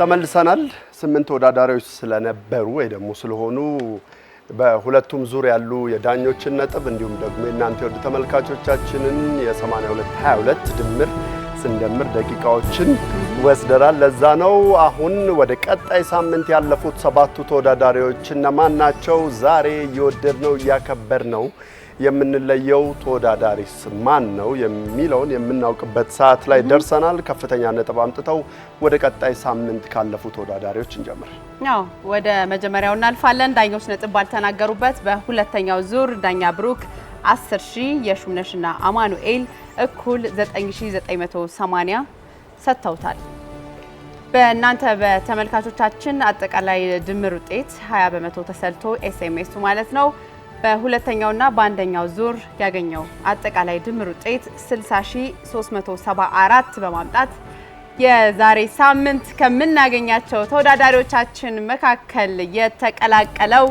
ተመልሰናል። ስምንት ተወዳዳሪዎች ስለነበሩ ወይ ደግሞ ስለሆኑ በሁለቱም ዙር ያሉ የዳኞችን ነጥብ እንዲሁም ደግሞ የእናንተ የወድ ተመልካቾቻችንን የ8222 ድምር ስንደምር ደቂቃዎችን ወስደናል። ለዛ ነው አሁን ወደ ቀጣይ ሳምንት ያለፉት ሰባቱ ተወዳዳሪዎች እነማን ናቸው? ዛሬ እየወደድ ነው እያከበር ነው የምንለየው ተወዳዳሪ ማን ነው የሚለውን የምናውቅበት ሰዓት ላይ ደርሰናል። ከፍተኛ ነጥብ አምጥተው ወደ ቀጣይ ሳምንት ካለፉ ተወዳዳሪዎች እንጀምር። ያው ወደ መጀመሪያው እናልፋለን። ዳኞች ነጥብ ባልተናገሩበት በሁለተኛው ዙር ዳኛ ብሩክ 10 ሺህ የሹምነሽና አማኑኤል እኩል 9980 ሰጥተውታል። በእናንተ በተመልካቾቻችን አጠቃላይ ድምር ውጤት 20 በመቶ ተሰልቶ ኤስኤምኤሱ ማለት ነው በሁለተኛውና በአንደኛው ዙር ያገኘው አጠቃላይ ድምር ውጤት 60374 በማምጣት የዛሬ ሳምንት ከምናገኛቸው ተወዳዳሪዎቻችን መካከል የተቀላቀለው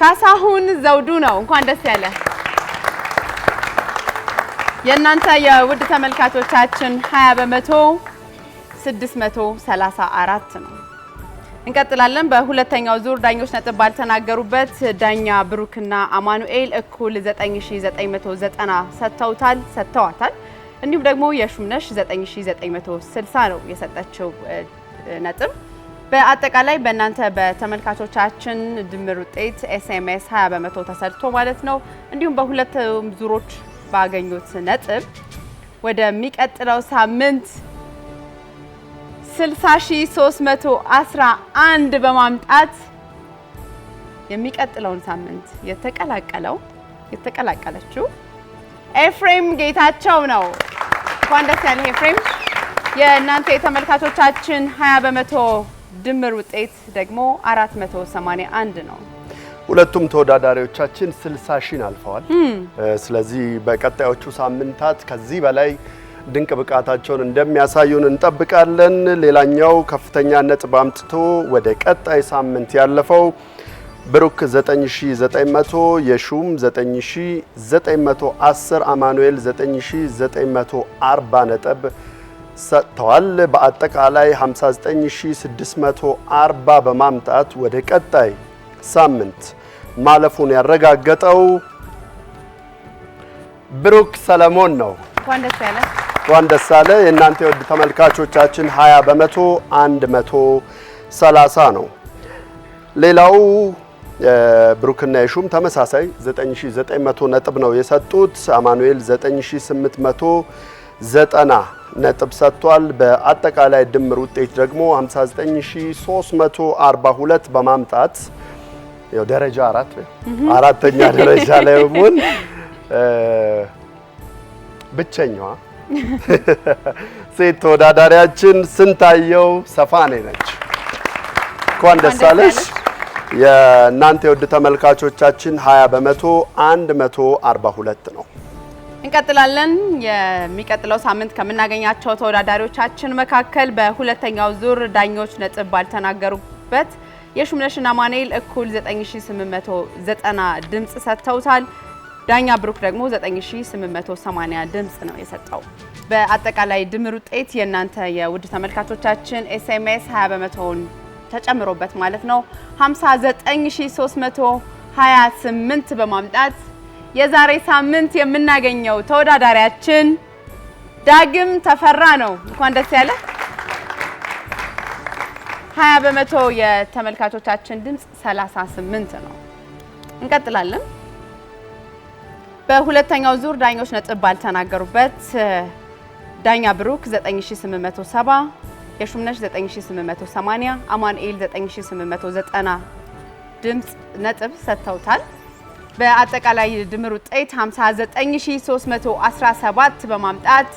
ካሳሁን ዘውዱ ነው። እንኳን ደስ ያለ። የእናንተ የውድ ተመልካቾቻችን 20 በመቶ 634 ነው። እንቀጥላለን። በሁለተኛው ዙር ዳኞች ነጥብ ባልተናገሩበት ዳኛ ብሩክና አማኑኤል እኩል 9990 ሰጥተውታል ሰጥተዋታል። እንዲሁም ደግሞ የሹምነሽ 9960 ነው የሰጠችው ነጥብ። በአጠቃላይ በእናንተ በተመልካቾቻችን ድምር ውጤት ኤስኤምኤስ 20 በመቶ ተሰርቶ ማለት ነው። እንዲሁም በሁለቱም ዙሮች ባገኙት ነጥብ ወደሚቀጥለው ሳምንት 60311 በማምጣት የሚቀጥለውን ሳምንት የተቀላቀለው የተቀላቀለችው ኤፍሬም ጌታቸው ነው። እንኳን ደስ ያለህ ኤፍሬም። የእናንተ የተመልካቾቻችን 20 በመቶ ድምር ውጤት ደግሞ 481 ነው። ሁለቱም ተወዳዳሪዎቻችን 60 ሺን አልፈዋል። ስለዚህ በቀጣዮቹ ሳምንታት ከዚህ በላይ ድንቅ ብቃታቸውን እንደሚያሳዩን እንጠብቃለን። ሌላኛው ከፍተኛ ነጥብ አምጥቶ ወደ ቀጣይ ሳምንት ያለፈው ብሩክ 9900 የሹም 9910 አማኑኤል 9940 ነጥብ ሰጥተዋል። በአጠቃላይ 59640 በማምጣት ወደ ቀጣይ ሳምንት ማለፉን ያረጋገጠው ብሩክ ሰለሞን ነው። እንኳን ደስ አለ የእናንተ የውድ ተመልካቾቻችን 20 በመቶ 130 ነው። ሌላው ብሩክና የሹም ተመሳሳይ 9900 ነጥብ ነው የሰጡት። አማኑኤል 9890 ነጥብ ሰጥቷል። በአጠቃላይ ድምር ውጤት ደግሞ 59342 በማምጣት ያው ደረጃ አራት አራተኛ ደረጃ ላይ ብቻኛዋ ሴት ተወዳዳሪያችን ስንታየው ሰፋኔ ነች። እንኳን ደስ አለሽ። የእናንተ የውድ ተመልካቾቻችን 20 በመቶ 142 ነው። እንቀጥላለን። የሚቀጥለው ሳምንት ከምናገኛቸው ተወዳዳሪዎቻችን መካከል በሁለተኛው ዙር ዳኞች ነጥብ ባልተናገሩበት የሹምነሽና ማኑኤል እኩል 9890 ድምፅ ሰጥተውታል። ዳኛ ብሩክ ደግሞ 9880 ድምፅ ነው የሰጠው። በአጠቃላይ ድምር ውጤት የእናንተ የውድ ተመልካቾቻችን ኤስኤምኤስ 20 በመቶውን ተጨምሮበት ማለት ነው 59328 በማምጣት የዛሬ ሳምንት የምናገኘው ተወዳዳሪያችን ዳግም ተፈራ ነው። እንኳን ደስ ያለ። 20 በመቶ የተመልካቾቻችን ድምፅ 38 ነው። እንቀጥላለን። በሁለተኛው ዙር ዳኞች ነጥብ ባልተናገሩበት ዳኛ ብሩክ 9870፣ የሹምነሽ 9880፣ አማኑኤል 9890 ድምፅ ነጥብ ሰጥተውታል። በአጠቃላይ ድምር ውጤት 59317 በማምጣት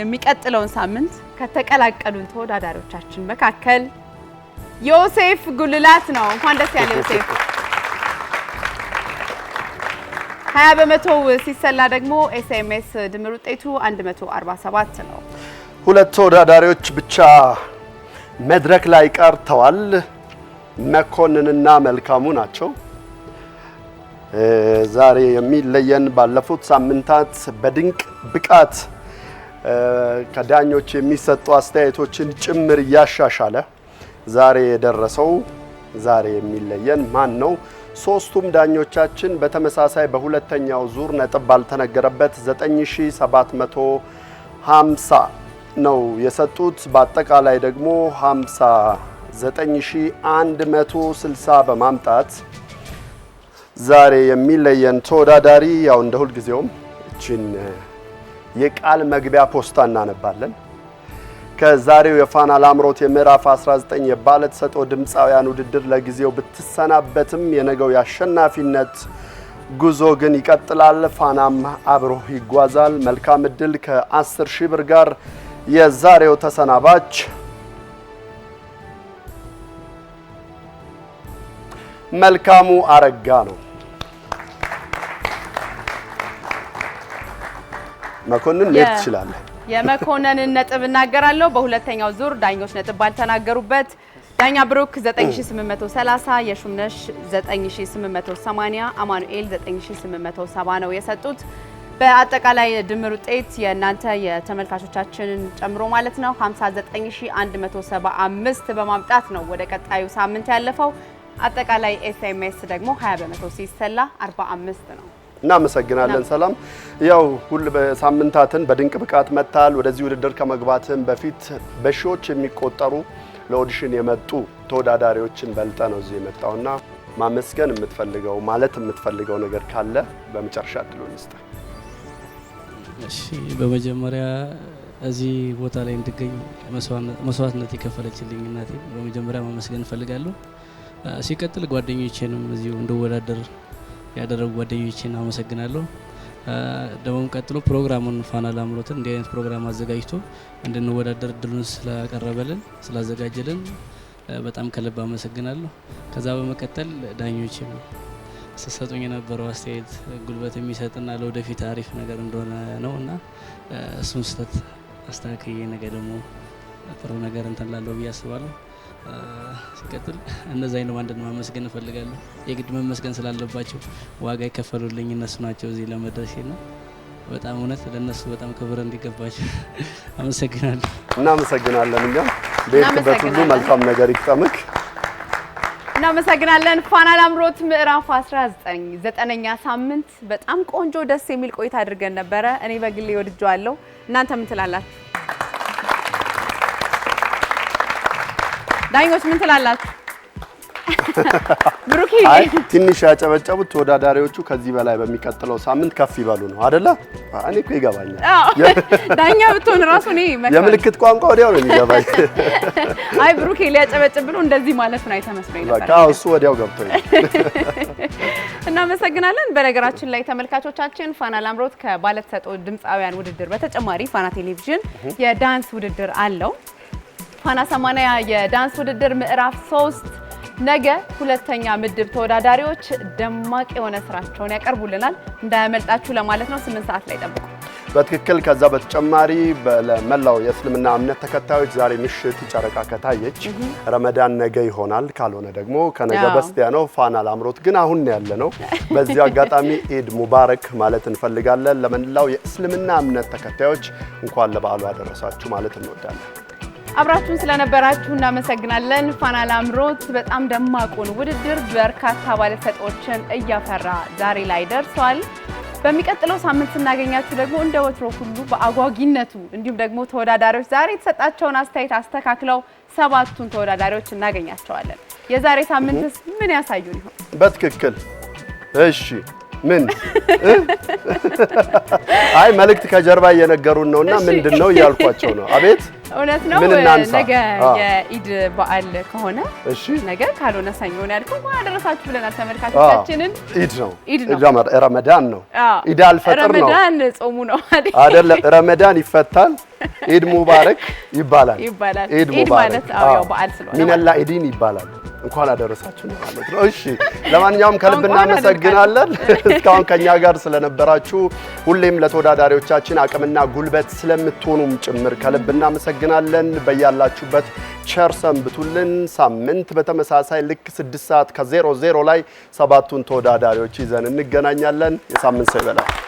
የሚቀጥለውን ሳምንት ከተቀላቀሉን ተወዳዳሪዎቻችን መካከል ዮሴፍ ጉልላት ነው። እንኳን ደስ ያለ ዮሴፍ። 20 በመቶ ሲሰላ ደግሞ ኤስኤምኤስ ድምር ውጤቱ 147 ነው። ሁለት ተወዳዳሪዎች ብቻ መድረክ ላይ ቀርተዋል። መኮንንና መልካሙ ናቸው። ዛሬ የሚለየን ባለፉት ሳምንታት በድንቅ ብቃት ከዳኞች የሚሰጡ አስተያየቶችን ጭምር እያሻሻለ ዛሬ የደረሰው ዛሬ የሚለየን ማን ነው? ሶስቱም ዳኞቻችን በተመሳሳይ በሁለተኛው ዙር ነጥብ ባልተነገረበት 9750 ነው የሰጡት። በአጠቃላይ ደግሞ 59160 በማምጣት ዛሬ የሚለየን ተወዳዳሪ ያው እንደ ሁልጊዜውም እችን የቃል መግቢያ ፖስታ እናነባለን። ከዛሬው የፋና ላምሮት የምዕራፍ 19 የባለ ተሰጥኦ ድምፃውያን ውድድር ለጊዜው ብትሰናበትም የነገው የአሸናፊነት ጉዞ ግን ይቀጥላል። ፋናም አብሮ ይጓዛል። መልካም እድል። ከ10 ሺህ ብር ጋር የዛሬው ተሰናባች መልካሙ አረጋ ነው። መኮንን መሄድ ትችላለህ። የመኮነን ነጥብ እናገራለሁ። በሁለተኛው ዙር ዳኞች ነጥብ ባልተናገሩበት ዳኛ ብሩክ 9830፣ የሹምነሽ 9880፣ አማኑኤል 9870 ነው የሰጡት። በአጠቃላይ ድምር ውጤት የእናንተ የተመልካቾቻችንን ጨምሮ ማለት ነው 59175 በማምጣት ነው ወደ ቀጣዩ ሳምንት ያለፈው። አጠቃላይ ኤስኤምኤስ ደግሞ 20 በመቶ ሲሰላ 45 ነው። እናመሰግናለን። ሰላም ያው ሁል ሳምንታትን በድንቅ ብቃት መታል። ወደዚህ ውድድር ከመግባትም በፊት በሺዎች የሚቆጠሩ ለኦዲሽን የመጡ ተወዳዳሪዎችን በልጠ ነው እዚህ የመጣውና ማመስገን የምትፈልገው ማለት የምትፈልገው ነገር ካለ በመጨረሻ እድሉን ስጥ። እሺ፣ በመጀመሪያ እዚህ ቦታ ላይ እንድገኝ መስዋዕትነት የከፈለችልኝ እናቴ በመጀመሪያ ማመስገን እፈልጋለሁ። ሲቀጥል ጓደኞቼንም እዚሁ እንድወዳደር ያደረጉ ጓደኞችን አመሰግናለሁ። ደግሞም ቀጥሎ ፕሮግራሙን ፋና ላምሮትን እንዲህ አይነት ፕሮግራም አዘጋጅቶ እንድንወዳደር እድሉን ስላቀረበልን ስላዘጋጀልን በጣም ከልብ አመሰግናለሁ። ከዛ በመቀጠል ዳኞችም ስሰጡኝ የነበረው አስተያየት ጉልበት የሚሰጥና ለወደፊት አሪፍ ነገር እንደሆነ ነው እና እሱን ስህተት አስተካክዬ ነገ ደግሞ ጥሩ ነገር እንትን ላለው ብዬ አስባለሁ። ሲቀጥል እነዚህን አንድን ማመስገን እፈልጋለሁ። የግድ መመስገን ስላለባቸው ዋጋ የከፈሉልኝ እነሱ ናቸው እዚህ ለመድረሴ ነው። በጣም እውነት ለእነሱ በጣም ክብር እንዲገባቸው አመሰግናለሁ። እናመሰግናለን። እኛም በሄድክበት ሁሉ መልካም ነገር ይጠምቅ። እናመሰግናለን። ፋና ላምሮት ምዕራፍ 19 ዘጠነኛ ሳምንት በጣም ቆንጆ ደስ የሚል ቆይታ አድርገን ነበረ። እኔ በግሌ ወድጀዋለሁ። እናንተ ምን ትላላችሁ? ዳኞች ምን ትላላችሁ? አይ ትንሽ ያጨበጨቡት ተወዳዳሪዎቹ ከዚህ በላይ በሚቀጥለው ሳምንት ከፍ ይበሉ ነው አደለ? እኔ እኮ ይገባኛል። ዳኛ ብትሆን ራሱ እኔ የምልክት ቋንቋ ወዲያው ነው የሚገባኝ። አይ ብሩኬ ሊያጨበጭብ ብሎ እንደዚህ ማለት ነው አይተመስለኝ ነበር። እሱ ወዲያው ገብቶኝ። እናመሰግናለን። በነገራችን ላይ ተመልካቾቻችን ፋና ላምሮት ከባለተሰጥኦ ድምፃውያን ውድድር በተጨማሪ ፋና ቴሌቪዥን የዳንስ ውድድር አለው። ፋና 80 የዳንስ ውድድር ምዕራፍ 3 ነገ ሁለተኛ ምድብ ተወዳዳሪዎች ደማቅ የሆነ ስራቸውን ያቀርቡልናል። እንዳያመልጣችሁ ለማለት ነው። ስምንት ሰዓት ላይ ጠብቁ። በትክክል ከዛ በተጨማሪ ለመላው የእስልምና እምነት ተከታዮች ዛሬ ምሽት ጨረቃ ከታየች ረመዳን ነገ ይሆናል፣ ካልሆነ ደግሞ ከነገ በስቲያ ነው። ፋና ላምሮት ግን አሁን ያለ ነው። በዚህ አጋጣሚ ኢድ ሙባረክ ማለት እንፈልጋለን። ለመላው የእስልምና እምነት ተከታዮች እንኳን ለበዓሉ ያደረሳችሁ ማለት እንወዳለን። አብራችሁን ስለነበራችሁ እናመሰግናለን። ፋና ላምሮት በጣም ደማቁን ውድድር በርካታ ባለሰጦችን እያፈራ ዛሬ ላይ ደርሷል። በሚቀጥለው ሳምንት ስናገኛችሁ ደግሞ እንደ ወትሮ ሁሉ በአጓጊነቱ እንዲሁም ደግሞ ተወዳዳሪዎች ዛሬ የተሰጣቸውን አስተያየት አስተካክለው ሰባቱን ተወዳዳሪዎች እናገኛቸዋለን። የዛሬ ሳምንትስ ምን ያሳዩን ይሆን? በትክክል እሺ። ምን አይ መልእክት ከጀርባ እየነገሩን ነውና ምንድን ነው እያልኳቸው ነው። አቤት እውነት ነው። ምን ነገ የኢድ በዓል ከሆነ እሺ፣ ነገ ካልሆነ ሰኞ ነው ያልኩት። እንኳን አደረሳችሁ ብለናል ተመልካቾቻችንን። ኢድ ነው፣ ኢድ ረመዳን ነው፣ ኢድ አልፈጥር ነው፣ ረመዳን ጾሙ ነው አይደለም። ረመዳን ይፈታል። ኢድ ሙባረክ ይባላል። ኢድ ሙባረክ ሚነላ ኢዲን ይባላል። እንኳን አደረሳችሁ ማለት ነው። እሺ ለማንኛውም ከልብ እናመሰግናለን እስካሁን ከኛ ጋር ስለነበራችሁ። ሁሌም ለተወዳዳሪዎቻችን አቅምና ጉልበት ስለምትሆኑም ጭምር ከልብ እናመሰግናለን። በያላችሁበት ቸር ሰንብቱልን። ሳምንት በተመሳሳይ ልክ 6 ሰዓት ከ00 ላይ ሰባቱን ተወዳዳሪዎች ይዘን እንገናኛለን። የሳምንት ሰው ይበላል።